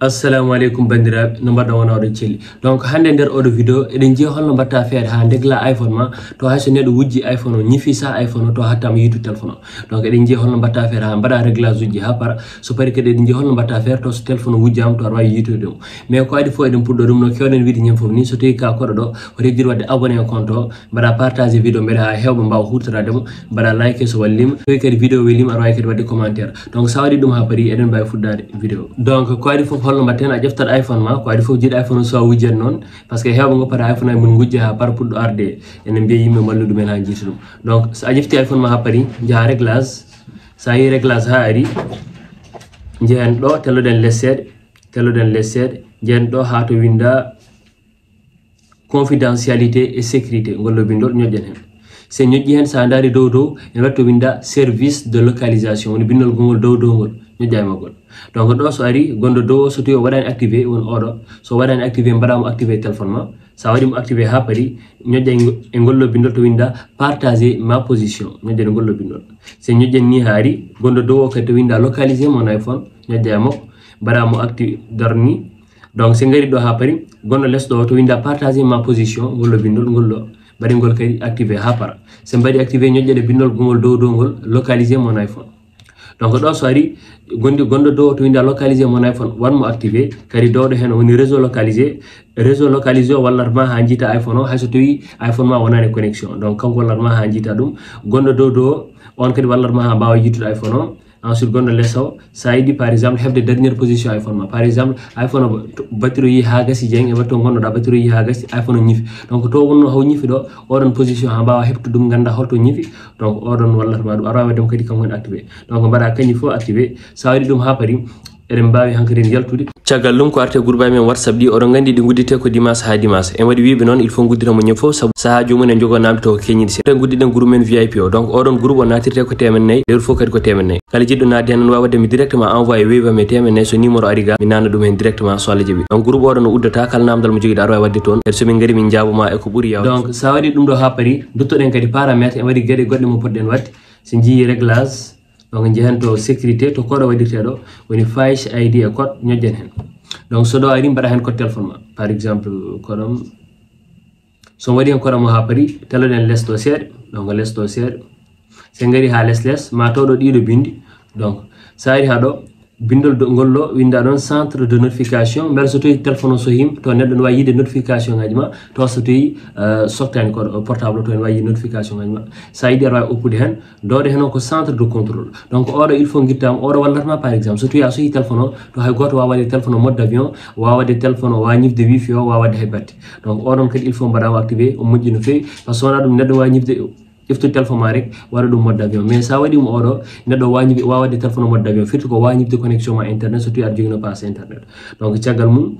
assalamu aleykum bandiraɓe no mbaɗɗa wona oɗo celli donc hannde nder oɗo vidéo eɗen jeeya holno mbatta feere ha degla iphone ma to hayso neɗɗo wujji iphone o ñifi sa iphone o to hattama youtube téléphone o donc eɗen jeeya holno mbatta feere ha mbaɗa réglage uji ha para so pari kadi eɗen jeeya holno mbatta feere to so téléphone o wujjama to aɗa wawi youtube ɗum mais ko adi fof eɗen puɗɗo ɗum no kewɗen wiide ñam fof ni so tawi ka koɗo ɗo woto jiri wadde abonné e compte o mbaɗa partagé vidéo beele ha hewɓe mbawa hutoradema mbaɗa like so wallima towi kadi vidéo wellima aɗa wawi kadi wadde commentaire donc sa waɗi ɗum ha pari eɗen mbawi fuɗɗade vidéo donc ko adi fof holno mbatten a ƴeftat iphone ma ko aɗa foof jiiɗa iphone so a wujjat noon par ce que heewɓe goppata iphone ay mon gujja ha par pour ɗo arde ene mbiya yimɓe mballu ɗumen ha jiita ɗum donc so a ƴefti iphone ma ha pari jaha réglage so a yi réglage ha ari jehen ɗo telloɗen les seeɗe telloɗen les seeɗe jehen ɗo ha to winda confidentialité et sécurité gollo bindo ɗo ñoƴƴen hen se ñoƴƴi hen sa daari dow dow ene watto winda service de localisation woni bindol gongol dow dowgol no gol donc do so ari gondo do so tiyo wadan activer won odo so wadan activer mbaɗamo activer telephone ma sa wadi mo activer ha paari ñoƴƴa e gollo bindo to winda partager ma position ñoƴƴa e ngol se so ñoƴƴan ni haari gondo do ko to winda localiser mon iphone ñoƴƴa e makko mbaɗamo acti darni donc se ngari do ha pari gondo less do to winda partager ma position gollo bindo gollo bari gol kay activer ha par se mbaɗi activer ñoƴƴa e bindol gumol do do ngol localiser mon iphone donc ɗo so ari gondi gonɗo dow to winda localisé mon iphone wanmo activé kadi dowɗo hen woni réseau localisé réseau localisé o wallatma ha jiita iphone o hayso tawi iphone ma wonani connexion donc kanko wallatma ha jiita ɗum gonɗo dow dow on kadi wallatma ha mbawa yiitude iphone o ensuite gonɗo less o sa yiɗi par exemple hefde dernière position iphone ma par exemple iphone batterie yi ha gasi jeng e watto gonɗoɗa batterie yi ha gasi iphone o ñifi donc to wonno haw ñifi ɗo oɗon position ha mbawa hepto ɗum ganda holto ñifi donc oɗon wallatma ɗum aɗa wawi wadde mo kadi kanko woni activé donc mbaɗa kañi fo activé sa waɗi ɗum ha pari eɗen mbawi hankadin yaltude caggal ɗum ko arte gourba men whatsapp ɗi oɗon gandi ɗi guddite ko dimas ha dimas en waɗi wiɓe noon il faut gudditamo ñim foof saabu saaha jomum en jogo namde to ko keñiɗi see guddiɗen groupe men vip o donc oɗon groupe o natirte ko temen nayyi lewru foof kadi ko temen nayyi kala jiɗɗo nadde hen noon wawaddemi directement envoyé weyvame temen nayyi so numéro ari ga mi nanna ɗum hen directement so allah jaaɓi donc groupe oɗon no uddata kala namdal mo joguiɗa aɗa wawi wadde toon kadi somin gari min jaabuma eko ɓuuri yawde donc sa waɗi ɗum ɗo ha paari duttoɗen kadi paramétre en waɗi gueɗe goɗɗe mo poɗɗen wadde so jii réglage donc njehen to sécurité to koɗo waɗirte ɗo woni fayc id e code ñoƴƴen hen donc so ɗo ari mbaɗa hen code téléphone ma par exemple koɗom so waɗi hen koɗomo ha pari teloɗen lesɗo seeɗa donc lesɗo seeɗa se gari ha lesles ma tawɗo ɗiɗo bindi donc sa ari ha ɗo bindol ngol ɗo winda ɗon centre de notification beele so tawi téléphone o so yim to neɗɗo ne wawi yide notification ŋaji ma taw so tawi euh, softani koɗo portable o to ne wawi yide notification ŋaji ma sa yiɗi aɗa wawi oppude hen dowɗo hen on ko centre de contrôle donc oɗo il faut guittama oɗo wallatma par exemple so tawi a sohi téléphone o to hay goto wawa wadde téléphone o mode d' avion wawa wadde téléphone o wawa ñifde wifi o wawa wadde hay batte donc oɗon kadi il faut mbaɗama activé o moƴƴi no fewi par ce que sowona ɗum neɗɗo wawi ñifde iftude téléphone ma rek waɗa ɗum mode d' avion mais sa waɗima oɗo neɗɗo wañi wawadde téléphone mode d' avion firti ko wañibde connexion ma internet so tawi aɗa joguino passe internet donc caggal mum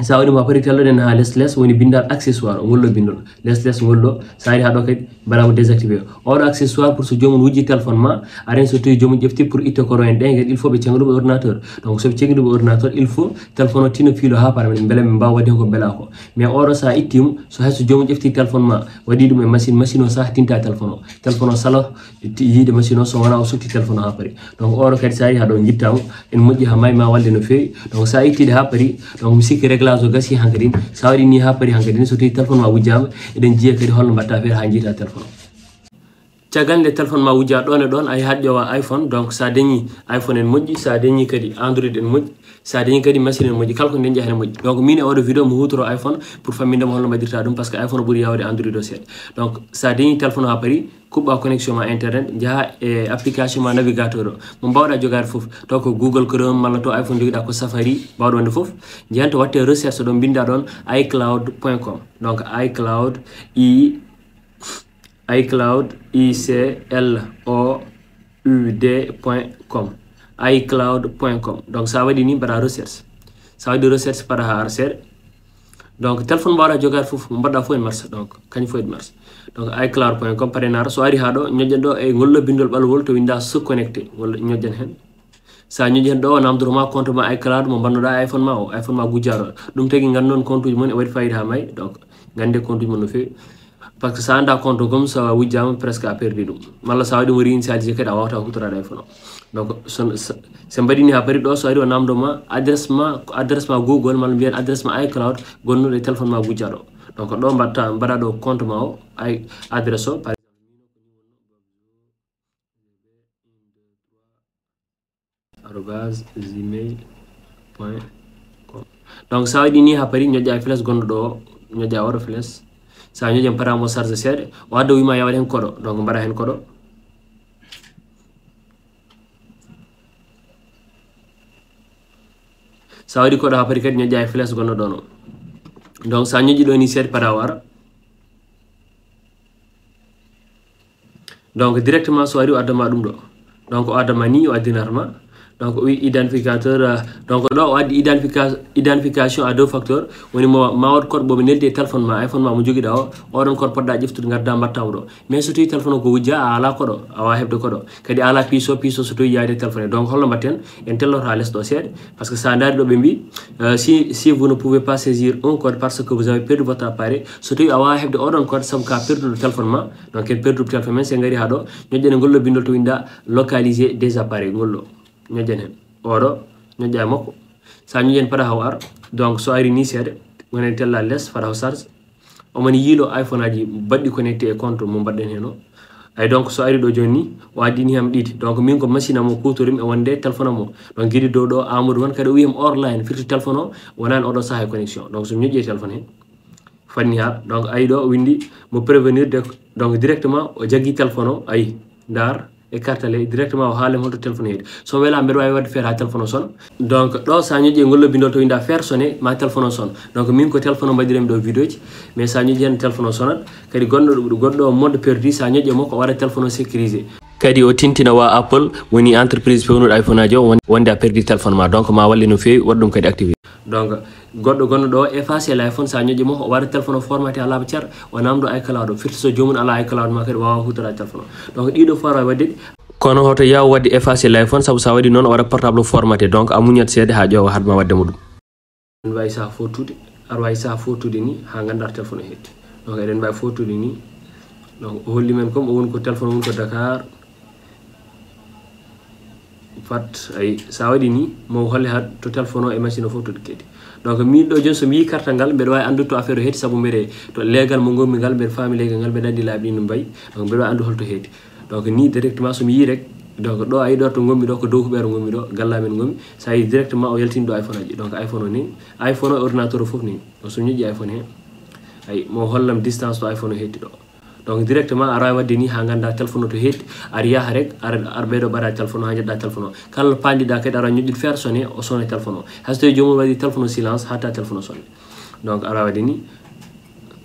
so a waɗi mapari talloɗen ha les les woni bindal accessoire o ngolɗo bindol les les ngolɗo so ari ha ɗo kadi mbaɗamo désactivé oɗo accessoire pour so jomum wujji téléphone ma aren so tawi jomum ƴefti pour itte koro en ɗen kadi il faut ɓe cengaɗum e ordinateur donc soɓe cengaɗum e ordinateur il faut téléphone o tino fiilo ha para men beele ɓe mbawa waɗi hen ko beela ko mais oɗo sa ittimu so hayso jomum ƴefti téléphone ma waɗi ɗum e machine machine o sa tinta téléphone o téléphone o sala yiide machine o so wona o sukti téléphone o ha pari donc oɗo kadi so ari ha ɗo jittamo en moƴƴi ha mayima walde no fewi donc sa ittide ha pari donc mi sikki rég réglage o gasi hankadin sa waɗi ni ha paari hankadin so tawi téléphone ma wujjama eɗen jiiya kadi holno mbatta feere ha jiita téléphone caggal nde téléphone ma wujja ɗon e ɗon a yahat ƴowa iphone donc sa dañi iphone en moƴƴi sa dañi kadi android en moƴƴi sa dañi kadi machine en moƴƴi kala ko dañƴi hene moƴƴi donc min e oɗo vidéo mo hutoro iphone pour famminndema holno mbaɗirta ɗum par ce que iphone o ɓuuri yawde android o seeɗa donc sa dañi téléphone ha paari kuba connection ma internet jaha e application ma navigateur mo bawda jogade fof to ko google chrome mala to iphone jogida ko safari bawdo wonde fof jianto watte recherche do binda don icloud com donc icloud i icloud l o u d com icloud point com donc sa waɗi ni para recherche va dire recherche para ha donc téléphone mbawɗa jogade foof mbaɗɗa fof en marché donc kañum fof en marché donc iclar point com parenar so ari ha ɗo ñoƴƴen ɗo e gollobindol ɓalwol to winda su connecté walla ñoƴƴen hen sa ñoƴi hen ɗo o namdoroma compte ma iclar mo mbannoɗa iphone ma o iphone ma gujjaɗo ɗum tagui gandnoon compte uji mon e waɗi fayida ha may donc gande compte uji mon no fewi par ce que sa anda compte o gom so wujjama presque a perdi ɗum malla sa waɗi mo rinsalisé kadi a wawata hutorade iphone o donc so mbaɗini ha bari ɗo so ari o namdo ma adresse ma adresse ma google mala mbiyen adresse ma icloud gonnuɗo e téléphone ma gujja ɗo donc ɗo mbatta mbaɗa ɗo compte ma o adresse o par arrobas gmail point com donc sa waɗi ni ha paari ñoƴƴa fles gonɗo ɗo ñoƴƴa oɗo fles sa ñoƴƴen paramo charge seeɗa o adda wima yawaɗa hen koɗo donc mbaɗa hen koɗo sa waɗi koɗo ha pari kadi ñoƴƴa e fles gonno ɗono donc sa ñoƴƴi ɗo ni seeɗ pada wara donc directement so wari o addama ɗum ɗo donc o addama ni o addinatma donc wi identificateur euh, donc ɗo o addi identification à deux facteurs woni mo ma wat code ɓomi neldi e téléphone ma iphone ma mo jogui ɗa o oɗon code poɗɗa ƴeftude garda mbattamo ɗo mais so tawi téléphone o ko wujja a ala koɗo awa heɓde koɗo kadi ala piso piso so tawi yaade téléphone e donc holno mbatten en tellota less ɗo seeɗa par ce que sa daari ɗo ɓe mbi euh, si si vous ne pouvez pas saisir un code parce que vous avez perdu votre appareil so tawi awa heɓde oɗon code saabu ka perduɗo téléphone ma donc en perduɗo téléphone men se gaari ha ɗo ñoƴƴene ngollo bindol to winda localisé des appareil ngollo ñoƴanen oɗo ñoƴƴa makko sa ñoƴani fada haw ar donc so ari ni seeɗa wonen tella les fada haw charge iphone aji baɗɗi connecté e compte mo mbaɗɗen hen o ay donc so joni ni ham ɗiɗi donc min ko machine am o kutorimi e wonde téléphone am o donc guiɗi dow ɗo amadou won kadi o wiyam orline firti téléphone o odo oɗo saaha e connexion donc somi ñoƴƴi e téléphone hen fanni ha donc ayi ɗo windi mo prévenir donc directement o e cartal he directement o haalem holto téléphone heedi so welama mbeɗa wawi wadde feere ha téléphone o sone donc ɗo sa ñoƴƴi e gollobbindol to winda feere sone ma téléphone o sone donc min ko téléphone o mbaɗirimi ɗo vidéo ji mais sa ñoƴƴi hen téléphone o sonat kadi gonɗo ɗo goɗɗo o modde perdu sa ñoƴƴe makko o waɗa téléphone o sécurisé kadi o tintina wa apple woni entreprise pewnuɗo iphone aji o wonde a perdi téléphone ma donc ma walle no fewi waɗa ɗum kadi activé donc goɗɗo gonɗo effacer effacé l'iphone sa ñoƴƴi mo o telephone formaté ala ba ceer o do iCloud o firti so jomun ala iCloud ma kadi wawa hutorade téléphone o donc ɗiɗo fara wadde kono hoto yaw wadde effacé l'iphone sabu sa wadi non o portable formaté donc a muñat seede ha jowa hadma wadde muɗum en wawi saha fotude aɗa wawi saha fotude ni ha ganda telephone o hetti donc eɗen mbawi fotude ni donc holli men kom o won ko telephone won ko dakar fat ay sa waɗi ni mawo holle ha to téléphone o e machine o fof toɗi kadi donc min ɗo joni somi yi cartal ngal mbeɗa wawi andude to affaire o heedi saabu mbeɗe to leegal mo gommi ngal mbeɗa faami leegal ngal mbeɗa andi laaɓi no mbayi donc mbeɗa wawi andu holto heedi donc ni directement somi yi rek donc ɗo a yiɗor to gommi ɗo ko dow huɓeero gommi ɗo gallamen gommi sa yi directement o yaltini ɗo iphone aji donc iphone o ni iphone o e ordinateur o fof ni o somi ñoƴƴi iphone he ayi mo hollam distance to iphone o heddi ɗo donc directement ara wadde ni ha ganda téléphone o to hetti ar yaaha rek ar ɓeeɗo mbaɗa téléphone o ha jeɗɗa téléphone o kala panɗiɗa kadi ara ñoƴƴuɗ faire sonné o sona téléphone o hayso tawi jomum waɗi téléphone o silence hatta téléphone o sonne donc ara wadde ni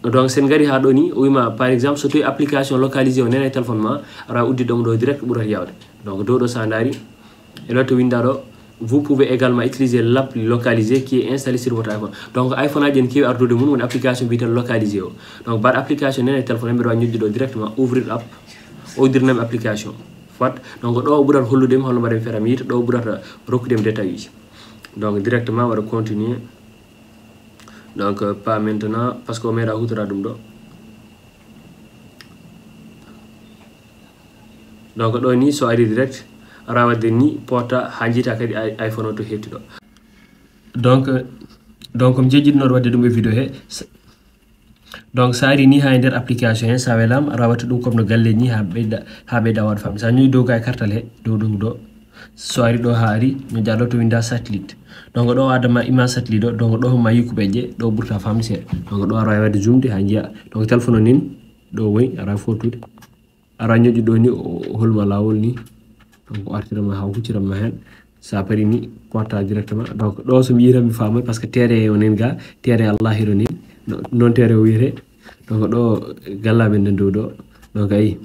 donc sen gari ha ɗo ni o wima par exemple so tawi application localisé o nena téléphone ma ara uddi ɗom ɗo direct ɓurata yawde donc dow ɗo sa daari e ɗo to winda ɗo vous pouvez également utiliser l'app localisée qui est installée sur votre iphone donc iphone dit qu'il y a une application qui localisée. localisée. donc par application nen téléphone en mbiɗa wawi directement ouvrir app odirnami application l'application, donc vous pouvez holludemi holno mbaɗen feeram yiita ɗo détail donc directement va continuer donc euh, pas maintenant parce qu'on met la route à donc vous ni so direct rawade ni porta ha jiita kadi iphone o to hettiɗo donc donc mi jejjitnoɗo wadde ɗum e vidéo he donc sa ari ni ha e nder application he sa welam rawata ɗum comme no galle ni ha ɓeyda ha ɓeyda waɗa famde sa ñoi dowga e cartal he dow ɗum ɗo so ari ɗo ha ari no jallo to winda satellite donc ɗo adama image satellite o donc ɗo homa yikkuɓeƴƴe ɗo ɓurta famse donc ɗo arawi wadde zoomde ha jiiya donc téléphone o nin ɗo woy ara fotude ara ñoƴƴu ɗo ni holma lawol ni donc o artirama ha huccirama hen sa parini porta directement donc ɗo somi yiitami mi famal parce que teere o nen ga teere allah hiro non noon o wiyete donc do galla nen ndo do donc ay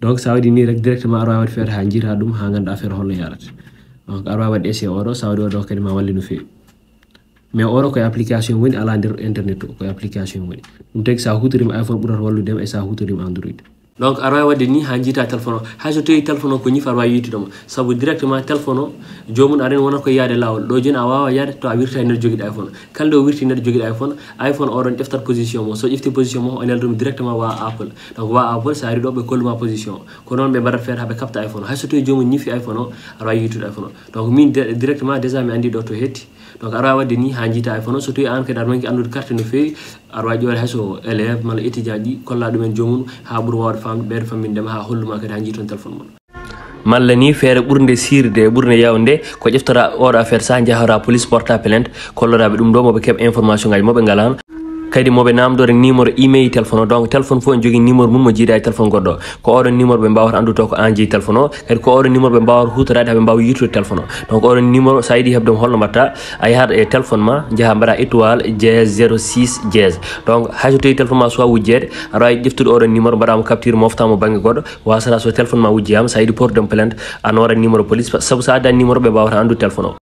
donc sa wadi ni rek directement arwa wawi fer ha jira ɗum ha ganda fer holno yarat donc arwa wawi ese oro sa wadi do kadi ma wallinu fi me mais ko application woni ala internet ko application woni dum tek sa hutorima iphone wallu dem e eh sa hutorima android donc aɗa wawi wadde ni ha jiita téléphone o hayso tawi téléphone o ko ñifa aɗa wawi yiitudemo saabu directement téléphone o jomum aɗani wona koye yaade lawol ɗo joni a wawa yaade to a wirtai e neɗɗo joguiɗo iphone kalde o wirti e neɗɗo joguiɗo iphone iphone oɗon ƴeftat position mo so ƴefti position mo o nel ɗum directement wawa apple donc wawa apple sa ari ɗo ɓe kolluma position o ko noon ɓe mbaɗat feere haɓe capta iphone o hayso tawi jomum ñifi iphone o aɗa wawi yiitude iphone o donc min directement déjà mi andi ɗo to hetti donc aɗa wawi wadde ni ha jiita iphone o so tawi an kadi aɗa manki andude carte no fewi aɗa wawi ƴewde hayso élève mala étudiant ji kolla ɗumen jomum ha ɓuur wawde fa ɓeeɗo famminndema haa holluma kadi haa njiiton téléphone mon malla ni feere ɓurnde siirde ɓurnde yawnde ko ƴeftora oɗo affaire sa jahora police porta plainte kolloraɓe ɗum ɗo moɓe keeɓa information ngaji moɓe ngalano kadi moɓe namdore numéro email téléphone o donc téléphone fof en jogui numéro mum mo jiida e téléphone goɗɗo ko oɗon numéro ɓe mbawata anduto ko an jeeyi téléphone o kadi ko oɗon numéro ɓe mbawata hutorade haɓe mbawa yittude téléphone o donc oɗon numéro sa yiiɗi hebdemo holno mbatta a yahat e téléphone ma jaaha mbaɗa étoile jeez 06 jeez donc hayso tawi téléphone ma soit wujjede aɗa wawi ƴeftude oɗon numéro mbaɗamo capture moftamo banggue goɗɗo wasata so téléphone ma wujjiyama sa yiiɗi dem plainte a noora numéro police sabu sa adda numéro ɓe mbawata andude téléphone o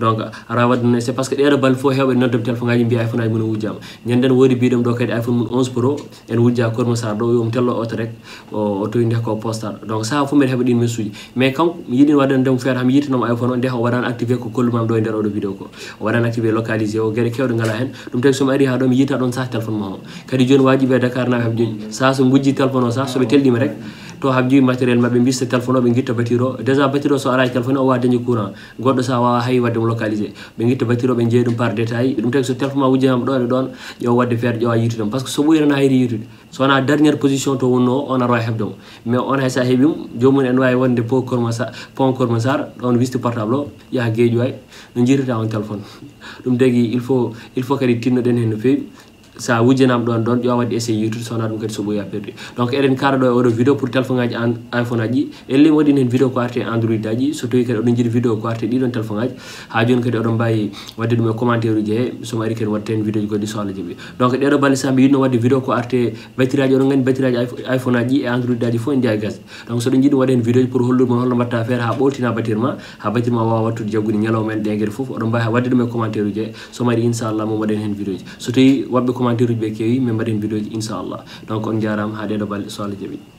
donc ara wadde c'est par ce que ɗeɗo balle fo hewɓe noddom téléphone ngaji mbiya iphone aji mumen wujjama ñanden woodi mbiɗom ɗo kadi iphone mum 11 pro en wujja korma sar ɗo wiyomo tello auto rek o toyide ko postal donc saha fo mbeɗa heeɓa ɗin mes suji mais kanko mi yiɗino waɗan ndemo feere hami yittanomo iphone o nde o waɗano activé ko kollumam ɗo e nder oɗo vidéo ko o waɗano activé localisé o gueɗe kewɗe ngala hen ɗum tawi somi ari ha ɗo mi yitta ɗon sah téléphone ma o kadi joni wajiɓe dakar naɓe heɓe joni saha so gujji téléphone o sah soɓe telɗima rek to ha jogi matériel maɓe bista téléphone o ɓe guitta batir o déjà batir o so araji téléphone o wawa dañi courant goɗɗo sa wawa hay wadde mo localisé ɓe guitta batir o ɓe jeeyi ɗum par détail ɗum tawi so téléphone ma wujjahama ɗon e ɗon ƴewa wadde feere ƴewa yiitude m par ce que so ɓoyrana hayri yiitude sowona dernière position to wonno on aroa heɓdemo mais on hay sa heeɓim jomum en wawi wonde pont cormasa pont cormasar ɗon wiste portable o yaaha gueeƴu way no jiirata on téléphone ɗum degui il faut il faut kadi tinnoɗen hen no fewi sa wujjanam ɗon ɗon yo wadde essé youtube sowna ɗum kadi so ɓoya perdi donc eɗen kara ɗo e oɗo vidéo pour téléphone ngaji iphone aji ellim waɗin hen vidéo ko arte android aji so tawi kadi oɗon jiiɗi vidéo ko arte ɗiɗon téléphone aji ha joni kadi oɗon mbawi wadde ɗum e commentaire uji he somi ari kadi watta hen vidéo ji goɗɗi sohla jeeɓi donc ɗeɗo balle sa mi yiɗno wadde vidéo ko arte batteri aji oɗon gandi batteri aji iphone aji e android aji foof e ndiya gas donc soɗon jiiɗi waɗa hen vidéo ji pour hollude moon holno mbatta feere ha ɓoltina batteri ma ha batteri ma wawa wattude jaggude ñalawma en ɗeguede foof oɗon mbawi wadde ɗum e commentaire uji he somi ari inchallah mo waɗen hen vidéo ji so tawi waɓɓe commentaire uji ɓe kewi min mbaɗen vidéo ji inchallah donc on jarama haaɗeɗo balɗe so allah jaaɓi